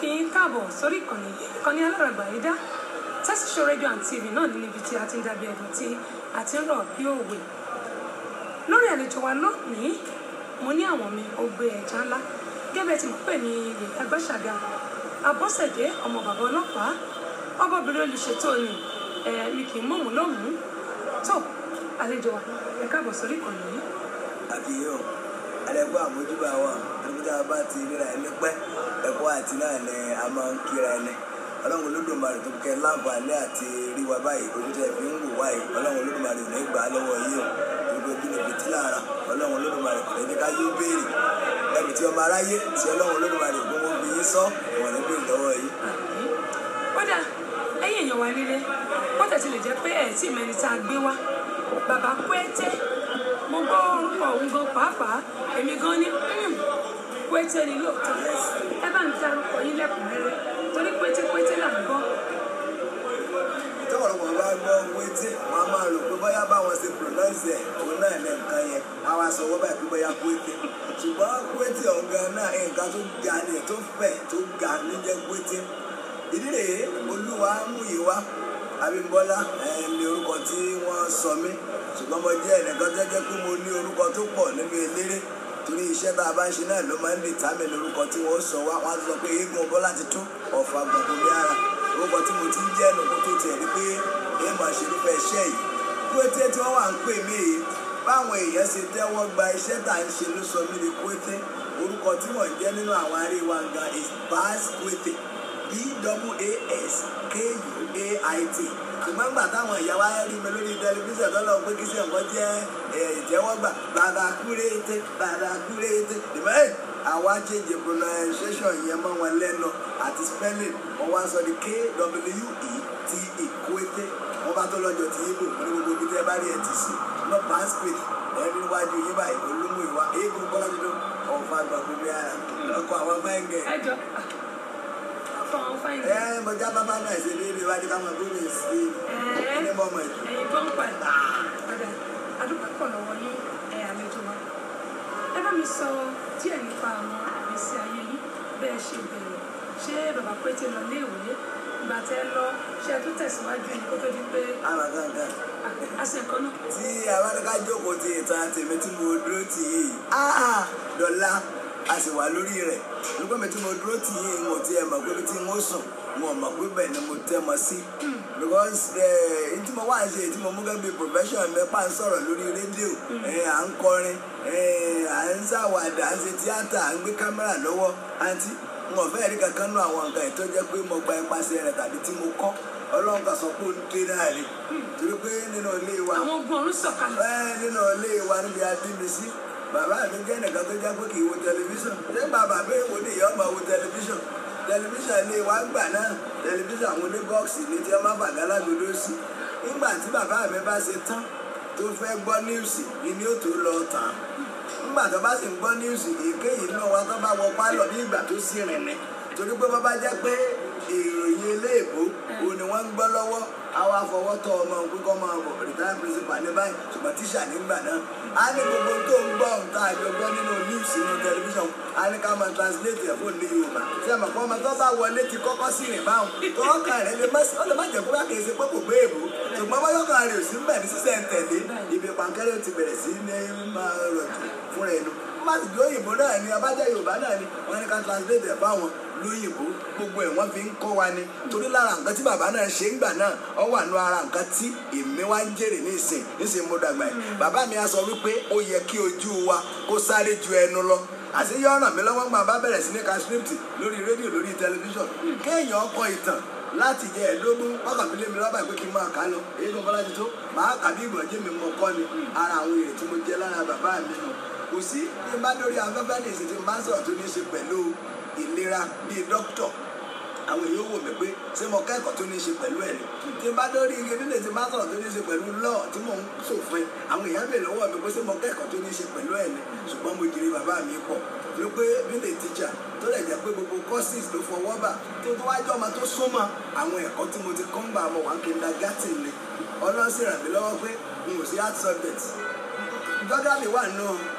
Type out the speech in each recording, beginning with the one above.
kí yín káàbọ̀ sórí ìkànnì ìkànnì aláràgbà yìí dá tẹ́síṣọ́ rédíò and tv náà ní níbi tí a ti ń dàbí ẹ̀dùn tí a ti ń rọ̀ bí òwe lórí àlejò wa lónìí mo ní àwọn mi ògbé ẹ̀já ńlá gẹ́gẹ́ tí mo pè ní yèyá gbẹ́sàgà abọ́sẹ̀dé ọmọ bàbá ọlọ́pàá ọbọ̀bìnrin olùṣètò ni ẹ̀ẹ́mí kì í mú òun lóhùn tó àlejò wa ẹ káàbọ̀ sórí ìkànnì yìí àdẹ́kọ́ àmójúbà wa àdúgbò bá ti ríra ẹni pẹ́ ẹ̀kọ́ àti náà ni a máa ń kíra ẹni ọlọ́run olódùmarè tó kẹ láǹfààní àti rí wa báyìí ojú tẹ fi ń wò wáyìí ọlọ́run olódùmarè ní gbà á lọ́wọ́ yìí o gbogbo bí níbi tí lára ọlọ́run olódùmarè kò ní jẹ́ ká yé béèrè ẹbí tí ọmọ aráyé tí ọlọ́run olódùmarè gbogbo fi yín sọ ìwọ̀n ní béèrè lọ́wọ́ yìí. kódà ẹ̀yin èèyàn wa nílé wọ́n tẹ̀sí lè jẹ́ pé ẹ̀ tí mẹ́rin tá a gbé wá bàbá kú ẹ́ tẹ́ mo gbọ́ orúkọ òun gan pàápàá èmi gan ní pété hmm, ni lóòótọ́ ẹ bá ń darúkọ yín lẹ́kùnrẹ́rẹ́ torí pété pété là ń gbọ́. tọ́wọ̀lọ́wọ́ olúwa mú yìí wá Abímbọ́lá ẹ̀ ní orúkọ tí wọ́n sọ mí ṣùgbọ́n mo jẹ́ ẹnìkan tó pé mo ní orúkọ tó pọ̀ nínú eléré torí iṣẹ́ tá a bá ń ṣe náà ló máa ń lè tá mi lórúkọ tí wọ́n sọ wá wọ́n á sọ pé eégún ọbọ̀ láti tó ọ̀fà gbọ̀ngàn bí ara orúkọ tí mo ti ń jẹ́ ẹnu tó tiẹ̀ rí pé èyí máa ṣe nípa iṣẹ́ yìí kúété tí wọ́n wà ń pè mí èyí báwọn èèyàn ṣe tẹ́wọ́ gba iṣẹ́ tá ń ṣe ló sọ mí ní kúété orúkọ tí mo jẹ́ nínú àwọn aríwá nga is Bass Kuete b a s k u a i t ṣùgbọ́n nígbà táwọn ìyàwó ayẹ́rì mi lórí tẹlifíṣàn lọ́lọ́ pé kí sẹ́ǹkọ́ jẹ́ ìtẹ́wọ́gbà bàbá kúrẹ́tẹ́ bàbá kúrẹ́tẹ́ ìmọ̀ ẹ̀ àwa change pronunciation yẹn mọ́ wọn lẹ́nu àti spelling wọn wá sọ ní kwete kwete wọn bá tó lọ́jọ́ tí yíbo ní gbogbo ibi tẹ́ bá rí ẹ̀ ti sè lọ basket ẹni wájú yín báyìí olómù ìwà eégún bọ́lá dídó ọ̀fà gbàgbé bí ara ọkọ̀ àwọn fẹ́ǹgẹ̀. ẹ mọ̀já bàbá náà ṣe déédéé wájú káwọn gómìnà sí i bọ́ ọmọ ètò. ẹ̀yin tó ń padà ah. padà adúgbò pọ̀ lọ́wọ́ yín ẹ̀ àlejò wa ẹ bá mi sọ díẹ̀ nípa àwọn àgbèsí ayé yín bẹ́ẹ̀ ṣe bẹ̀rẹ̀ ṣé bàbá pété lọ lé ìwé ìgbà tẹ lọ ṣe tún tẹ̀síwájú ni kó tó di pé. ara gangan. àṣekọ náà. tí abánikà jókòó ti ìtàn àtẹ̀mẹ́tì mo dúró tì í. Ah, ah, dọ̀la. a sì wà lórí rẹ̀ nígbà mi tí mo dúró tì yín mo ti ẹ̀ mọ̀ pé bí tí mo sùn wọn mọ̀ pé bẹ́ẹ̀ ni mo tẹ mọ sí because ẹ̀ẹ́n eh, tí mo wá ṣe tí mo mú gẹ́gẹ́ bí profession mi pa sọ̀rọ̀ lórí rédíò eh, à ń kọrin eh, à ń à ń ṣe kankan nú àwọn nǹkan jẹ́ pé gba ipasẹ̀ tàbí tí mo kọ́ ọlọ́run sọ pé ó ń dé bàbá mi jẹ́ nìkan tó jẹ́ pé kì í wo tẹlifíṣàn ṣé bàbá mi wo ni ìyá ọmọ wo tẹlifíṣàn tẹlifíṣàn ilé wa ń gbà náà tẹlifíṣàn àwọn oníbọ́ọ̀sì ní tí wọ́n máa bàgá lágbódó sí nígbà tí bàbá mi bá ṣe tán tó fẹ́ gbọ́ níwùsì ni ni ó tó lọ tàn tó bá sì ń gbọ́ níwùsì bá wọ pálọ̀ ìgbà tó torí pé bàbá jẹ́ pé ìròyìn òun lọ́wọ́ àwa fọwọ́ tọ́ ọmọ pé kọ́ máa bọ̀ rìtáyà pírísìpà ní báyìí ṣùgbọ́n tíṣà nígbà náà a ní gbogbo tó ń gbọ́ nǹkan àjọgbọ́ nínú news ní tẹlifíṣàn a ní ká máa translate ẹ̀ fóònù ní Yorùbá ṣé àmọ́ kọ́ ọmọ tó bá wọlé ti kọ́kọ́ sí rìn báwọn tọ́ọ̀kà rẹ̀ lè má ọ lè má jẹ́ kúrò kìí ṣe pé kò gbé èbó ṣùgbọ́n báyọ̀kà rẹ̀ ò sí ń bẹ̀ ní sísẹ̀ ń pàǹkẹ́rẹ́ ti bẹ̀rẹ̀ sí ní máa rọ̀jò fúnra ẹnu másìkì òyìnbó oyi ni abaja yorùbá náà ni wọ́n ní ká translate ẹ̀ fáwọn lóyìnbó gbogbo ẹ̀ wọ́n fi ń kọ́ wa ni torí lára nǹkan tí bàbá náà ṣe ń gbà náà ọ wà nù ara nǹkan tí èmi wá ń jèrè ní nísìn mo dàgbà yìí hmm. bàbá mi á sọ wípé ó yẹ kí ojú wa kó sáré ju ẹnu lọ àti yọ ọ̀nà mi lọ́wọ́ bá bẹ̀rẹ̀ sí ní ka script lórí ara àwọn èrè tí mo kò sí bí n bá lórí afẹ́fẹ́ ní ìsìn tí n bá ń sọ̀rọ̀ tó ní í ṣe pẹ̀lú ìlera bíi dókítọ̀ àwọn èèyàn wò mí pé ṣé mo kẹ́kọ̀ọ́ tó ní í ṣe pẹ̀lú ẹ̀ ni tí n bá lórí igi nílẹ̀ tí n bá sọ̀rọ̀ tó ní í ṣe pẹ̀lú lọ́ọ̀ tí mò ń ṣòfin àwọn èèyàn bè lọ́wọ́ mi pé ṣé mo kẹ́kọ̀ọ́ tó ní í ṣe pẹ̀lú ẹ̀ ni ṣùgbọ́n mo jìrì bàbá mi pọ̀ ló pé nílẹ̀ tíjà tó lè jẹ́ pé gbogbo courses ló fọwọ́ bà tí tó wájú ọmọ tó súnmọ́ àwọn ẹ̀kọ́ tí mo ti kọ́ ń gbà mọ̀ wá kindergarten ni ọlọ́sìn ràn mí lọ́wọ́ pé n ò sí art subject dọ́dọ̀ wà náà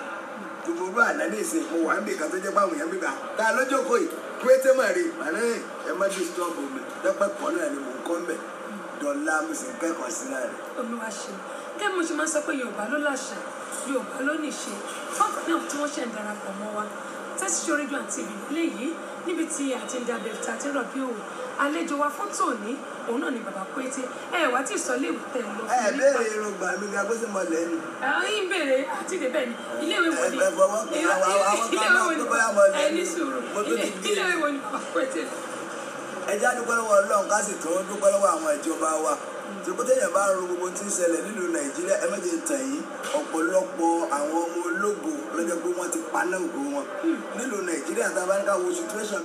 ìgbòho àná ní ìsìn mo wà ń bì kan tó èèyàn gbígbà tá a lọ́jọ́ kò yìí pété mà rí màlẹ́ ẹ má dùn sọ́ọ̀bù mi lọ́pẹ́ pọ̀ náà ni mò ń kọ́ gẹ́gẹ́ mo ṣe máa ń sọ pé yorùbá ló láṣà yorùbá ló níṣe fọ́ọ̀kan náà tí wọ́n ṣe ń darapọ̀ mọ́ wa tẹ́sí ṣorídùn àti ìbílẹ̀ yìí níbi tí àti ń dabẹ̀ tàti rọ̀bì òwò àlejò wa fún tòní òun náà ni bàbá pété ẹ wá tí ìsọlé ìbùtẹ̀ lọ ẹ béèrè irungba mi ga bó ṣe mọ lẹ́nu. àwọn béèrè àti ìdè bẹ́ẹ̀ ni ilé ìwé wo ni ilé ìwé wo ni ilé ìwé wo ni bàbá pété ẹjẹ́ àdúgbò lọ́wọ́ ọlọ́run ká sì tún dúpẹ́ lọ́wọ́ àwọn ìjọba wa tìrìbùtẹ́yìn bá ń ro gbogbo tí ń ṣẹlẹ̀ nílùú nàìjíríà ẹ méje tàn yìí ọ̀pọ̀lọpọ̀ àwọn ọmọ ológo lọ́jọ́ pé wọ́n ti paná ògo wọn hmm. nílùú nàìjíríà tá a bá ń ká wo situation.